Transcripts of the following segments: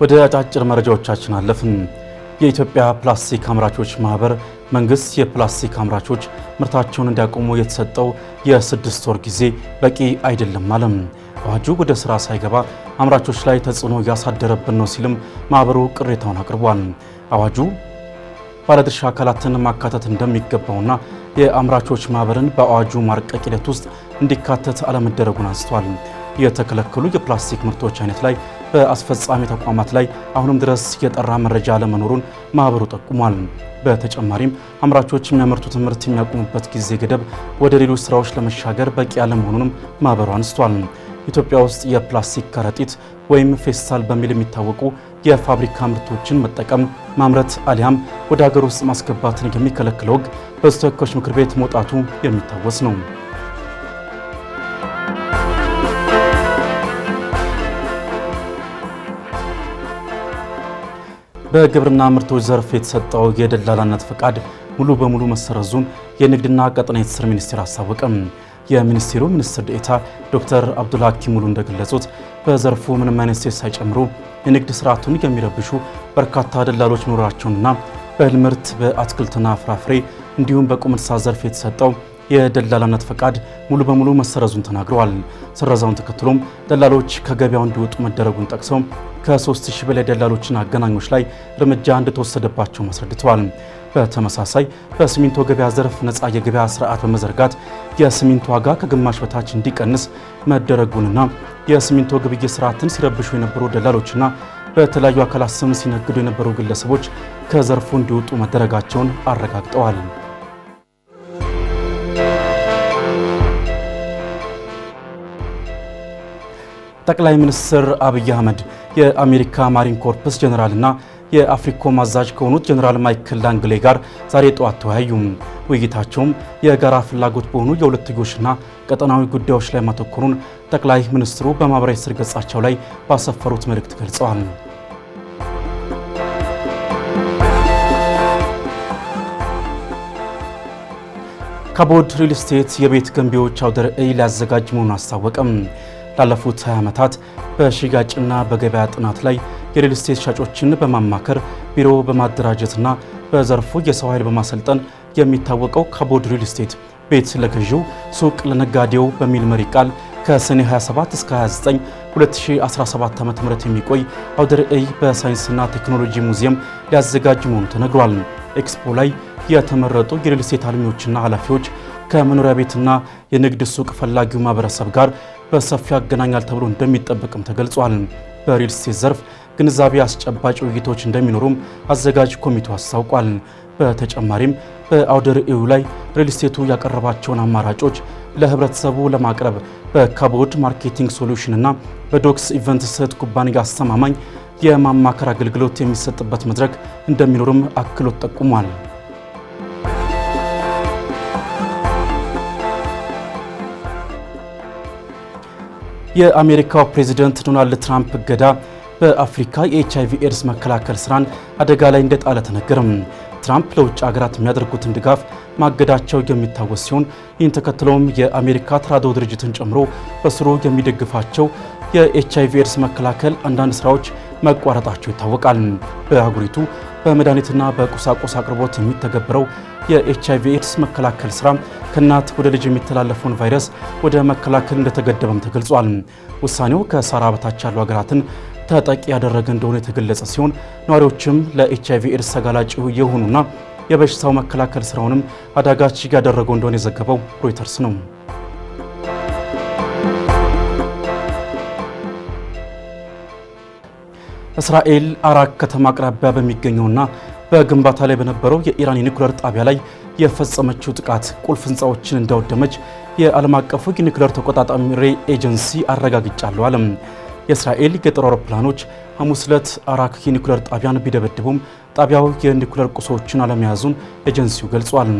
ወደ አጫጭር መረጃዎቻችን አለፍን። የኢትዮጵያ ፕላስቲክ አምራቾች ማህበር መንግስት የፕላስቲክ አምራቾች ምርታቸውን እንዲያቆሙ የተሰጠው የስድስት ወር ጊዜ በቂ አይደለም አለም። አዋጁ ወደ ስራ ሳይገባ አምራቾች ላይ ተጽዕኖ እያሳደረብን ነው ሲልም ማህበሩ ቅሬታውን አቅርቧል። አዋጁ ባለድርሻ አካላትን ማካተት እንደሚገባውና የአምራቾች ማህበርን በአዋጁ ማርቀቅ ሂደት ውስጥ እንዲካተት አለመደረጉን አንስቷል። የተከለከሉ የፕላስቲክ ምርቶች አይነት ላይ በአስፈጻሚ ተቋማት ላይ አሁንም ድረስ የጠራ መረጃ አለመኖሩን ማህበሩ ጠቁሟል። በተጨማሪም አምራቾች የሚያመርቱትን ምርት የሚያቆሙበት ጊዜ ገደብ ወደ ሌሎች ስራዎች ለመሻገር በቂ አለመሆኑንም ማህበሩ አንስቷል። ኢትዮጵያ ውስጥ የፕላስቲክ ከረጢት ወይም ፌስታል በሚል የሚታወቁ የፋብሪካ ምርቶችን መጠቀም፣ ማምረት አሊያም ወደ ሀገር ውስጥ ማስገባትን የሚከለክለው ሕግ በተወካዮች ምክር ቤት መውጣቱ የሚታወስ ነው። በግብርና ምርቶች ዘርፍ የተሰጠው የደላላነት ፈቃድ ሙሉ በሙሉ መሰረዙን የንግድና ቀጣናዊ ትስስር ሚኒስቴር አሳወቀም። የሚኒስቴሩ ሚኒስትር ዴኤታ ዶክተር አብዱልሐኪም ሙሉ እንደገለጹት በዘርፉ ምንም አይነት እሴት ሳይጨምሩ የንግድ ስርዓቱን የሚረብሹ በርካታ ደላሎች መኖራቸውንና በእህል ምርት፣ በአትክልትና ፍራፍሬ እንዲሁም በቁም እንስሳት ዘርፍ የተሰጠው የደላላነት ፈቃድ ሙሉ በሙሉ መሰረዙን ተናግረዋል። ስረዛውን ተከትሎም ደላሎች ከገበያው እንዲወጡ መደረጉን ጠቅሰው ከ3000 በላይ ደላሎችና አገናኞች ላይ እርምጃ እንደተወሰደባቸው አስረድተዋል። በተመሳሳይ በሲሚንቶ ገበያ ዘርፍ ነፃ የገበያ ስርዓት በመዘርጋት የሲሚንቶ ዋጋ ከግማሽ በታች እንዲቀንስ መደረጉንና የሲሚንቶ ግብይት ስርዓትን ሲረብሹ የነበሩ ደላሎችና በተለያዩ አካላት ስም ሲነግዱ የነበሩ ግለሰቦች ከዘርፉ እንዲወጡ መደረጋቸውን አረጋግጠዋል። ጠቅላይ ሚኒስትር አብይ አህመድ የአሜሪካ ማሪን ኮርፕስ ጀኔራልና የአፍሪኮም አዛዥ ከሆኑት ጀኔራል ማይክል ዳንግሌ ጋር ዛሬ ጠዋት ተወያዩም። ውይይታቸውም የጋራ ፍላጎት በሆኑ የሁለትዮሽና ቀጠናዊ ጉዳዮች ላይ ማተኮሩን ጠቅላይ ሚኒስትሩ በማኅበራዊ ስር ገጻቸው ላይ ባሰፈሩት መልእክት ገልጸዋል። ካቦድ ሪል ስቴት የቤት ገንቢዎች አውደ ርዕይ ሊያዘጋጅ መሆኑን አስታወቀም። ላለፉት 20 ዓመታት በሽያጭና በገበያ ጥናት ላይ የሪል ስቴት ሻጮችን በማማከር ቢሮ በማደራጀትና በዘርፉ የሰው ኃይል በማሰልጠን የሚታወቀው ካቦድ ሪል ስቴት ቤት ለገዢው ሱቅ ለነጋዴው በሚል መሪ ቃል ከሰኔ 27 እስከ 29 2017 ም የሚቆይ አውደ ርዕይ በሳይንስና ቴክኖሎጂ ሙዚየም ሊያዘጋጅ መሆኑ ተነግሯል። ኤክስፖ ላይ የተመረጡ የሪል ስቴት አልሚዎችና ኃላፊዎች ከመኖሪያ ቤትና የንግድ ሱቅ ፈላጊው ማህበረሰብ ጋር በሰፊ ያገናኛል ተብሎ እንደሚጠበቅም ተገልጿል። በሪል ስቴት ዘርፍ ግንዛቤ አስጨባጭ ውይይቶች እንደሚኖሩም አዘጋጅ ኮሚቴው አስታውቋል። በተጨማሪም በአውደ ርዕዩ ላይ ሪል ስቴቱ ያቀረባቸውን አማራጮች ለህብረተሰቡ ለማቅረብ በካቦድ ማርኬቲንግ ሶሉሽንና በዶክስ ኢቨንት ስህት ኩባንያ አስተማማኝ የማማከር አገልግሎት የሚሰጥበት መድረክ እንደሚኖርም አክሎት ጠቁሟል። የአሜሪካው ፕሬዚደንት ዶናልድ ትራምፕ እገዳ በአፍሪካ የኤችአይቪ ኤድስ መከላከል ስራን አደጋ ላይ እንደጣለ ተነገረም። ትራምፕ ለውጭ ሀገራት የሚያደርጉትን ድጋፍ ማገዳቸው የሚታወስ ሲሆን ይህን ተከትለውም የአሜሪካ ተራድኦ ድርጅትን ጨምሮ በስሩ የሚደግፋቸው የኤችአይቪ ኤድስ መከላከል አንዳንድ ስራዎች መቋረጣቸው ይታወቃል። በአህጉሪቱ በመድኃኒትና በቁሳቁስ አቅርቦት የሚተገብረው የኤች አይቪ ኤድስ መከላከል ስራ ከእናት ወደ ልጅ የሚተላለፈውን ቫይረስ ወደ መከላከል እንደተገደበም ተገልጿል። ውሳኔው ከሰሃራ በታች ያሉ ሀገራትን ተጠቂ ያደረገ እንደሆነ የተገለጸ ሲሆን ነዋሪዎችም ለኤች አይቪ ኤድስ ተጋላጭ የሆኑና የበሽታው መከላከል ስራውንም አዳጋች ያደረገው እንደሆነ የዘገበው ሮይተርስ ነው። እስራኤል አራክ ከተማ አቅራቢያ በሚገኘውና በግንባታ ላይ በነበረው የኢራን የኒኩሌር ጣቢያ ላይ የፈጸመችው ጥቃት ቁልፍ ህንፃዎችን እንዳወደመች የዓለም አቀፉ የኒኩሌር ተቆጣጣሪ ኤጀንሲ አረጋግጫለሁ አለም። የእስራኤል የጦር አውሮፕላኖች ሐሙስ ዕለት አራክ የኒኩሌር ጣቢያን ቢደበድቡም ጣቢያው የኒኩሌር ቁሶችን አለመያዙን ኤጀንሲው ገልጿል።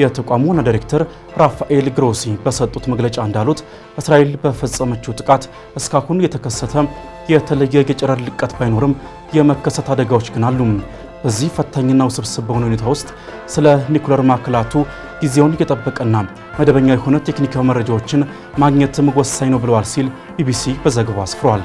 የተቋሙ ዋና ዳይሬክተር ራፋኤል ግሮሲ በሰጡት መግለጫ እንዳሉት እስራኤል በፈጸመችው ጥቃት እስካሁን የተከሰተ የተለየ የጨረር ልቀት ባይኖርም የመከሰት አደጋዎች ግን አሉ። በዚህ ፈታኝና ውስብስብ በሆነ ሁኔታ ውስጥ ስለ ኒኩለር ማዕከላቱ ጊዜውን የጠበቀና መደበኛ የሆነ ቴክኒካዊ መረጃዎችን ማግኘትም ወሳኝ ነው ብለዋል ሲል ቢቢሲ በዘገባ አስፍሯል።